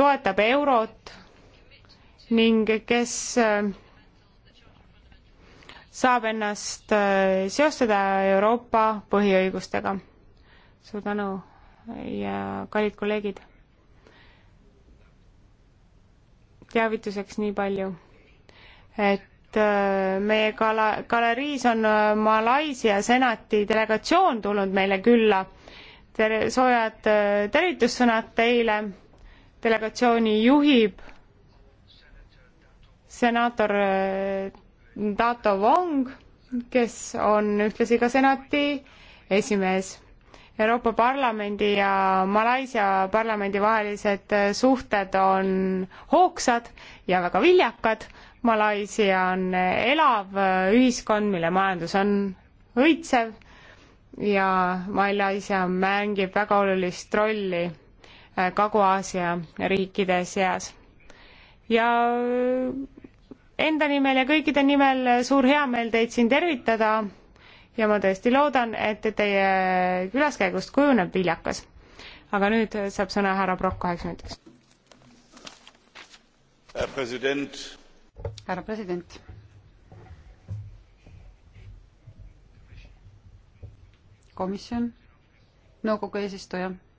toetab eurot ning kes äh, saab ennast äh, seostada Euroopa põhiõigustega. suur tänu ja kallid kolleegid. teavituseks nii palju, et äh, meie gala-, galeriis on Malaisia senati delegatsioon tulnud meile külla. tere, soojad tervitussõnad teile delegatsiooni juhib senaator äh, Dato Wong, kes on ühtlasi ka senati esimees. Euroopa Parlamendi ja Malaisia parlamendi vahelised äh, suhted on hoogsad ja väga viljakad. Malaisia on äh, elav ühiskond, mille majandus on õitsev ja Malaisia mängib väga olulist rolli Äh, Kagu-Aasia riikide seas. ja äh, enda nimel ja kõikide nimel äh, suur heameel teid siin tervitada ja ma tõesti loodan, et teie külaskäigust kujuneb viljakas. aga nüüd saab sõna härra Brock kaheks minutiks. härra president. komisjon, nõukogu eesistuja